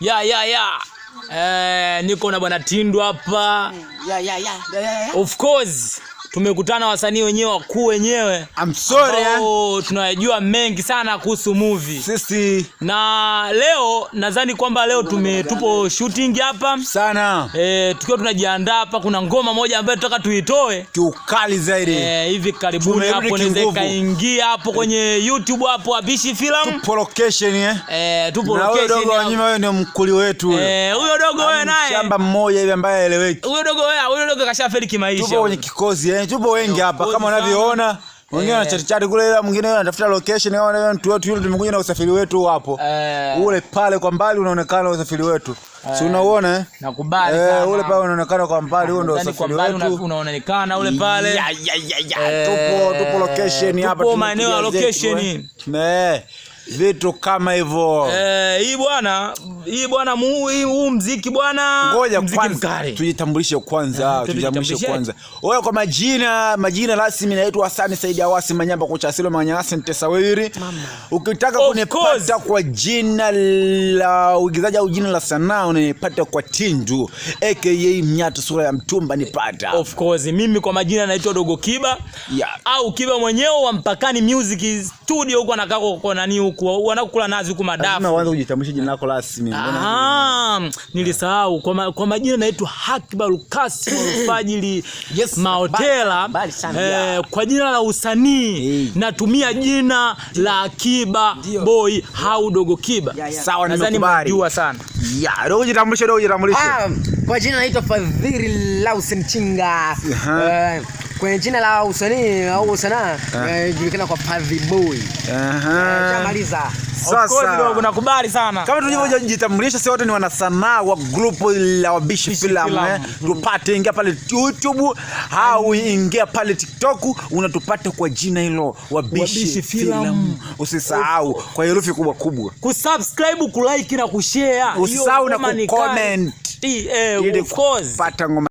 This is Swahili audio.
ya ya ya eh, niko na bwana Tindo hapa. ya ya ya Of course tumekutana wasanii wenyewe wakuu wenyewe eh? ambao tunayajua mengi sana kuhusu movie sisi. Na leo nadhani kwamba leo tume, tupo shooting hapa sana e, tukiwa tunajiandaa hapa. Kuna ngoma moja ambayo tunataka tuitoe kiukali zaidi e, hivi karibuni hapo naweza ikaingia hapo kwenye YouTube hapo Abishi Film. Tupo location eh, e, tupo location. Dogo wanyima, wewe ndio mkuli wetu huyo e, dogo wewe naye shamba mmoja hivi ambaye aeleweki huyo dogo wewe, huyo dogo kashafeli kimaisha. Tupo kwenye kikozi eh tupo wengi hapa kama unavyoona, wengine eh. chat kule, ila mwingine anatafuta location. Kama mtu wetu yule, tumekuja na usafiri wetu hapo, eh. ule pale kwa mbali unaonekana usafiri wetu, si eh. unaona eh? Nakubali sana, ule pale unaonekana kwa mbali, huo ndio usafiri wetu unaonekana ule pale. Tupo tupo location hapa, tupo maeneo ya location eh vitu kama hivyo eh, hii bwana hii bwana huu mziki bwana, ngoja kwanza tujitambulishe kwanza, eh, tujitambulishe kwanza wewe kwa majina. Majina rasmi naitwa Hassan Said Awasi Manyamba kocha Asilo Manyasi Ntesawiri. Ukitaka kunipata kwa jina la uigizaji au jina la sanaa unanipata kwa Tindu aka Mnyatu sura ya mtumba nipata. Of course mimi kwa majina naitwa Dogo Kiba yeah. au Kiba mwenyewe wa Mpakani Music Studio huko nakako kwa nani huko kuwaua na nazi huku madafu. Na uanze kujitambulisha jina lako rasmi. Ah, nilisahau kwa, ma, kwa majina naitwa Hakibaru Kasim Alfajili yes, Mahotela eh, kwa jina la usanii hey. Natumia jina la Akiba Boy au Dogo Kiba. Sawa, nimekubali. Najua sana. Ya, dogo jitambulishe, dogo jitambulishe. Ah, kwa jina naitwa Fadhili Lausen Chinga. Uh -huh. uh, kwenye jina la usanii au sanaa eh. inajulikana kwa Padri Boy. Aha. Chamaliza. Eh, Sasa nakubali sana, kama tulivyojitambulisha, si wote ni wana sanaa wa grupu la Wabishi Filamu. Eh? Tupate, ingia pale YouTube au ingia pale TikTok, unatupata kwa jina hilo Wabishi Film. Usisahau kwa herufi kubwa kubwa kusubscribe, kulike na kushare, usisahau na kucomment ili kupata ngoma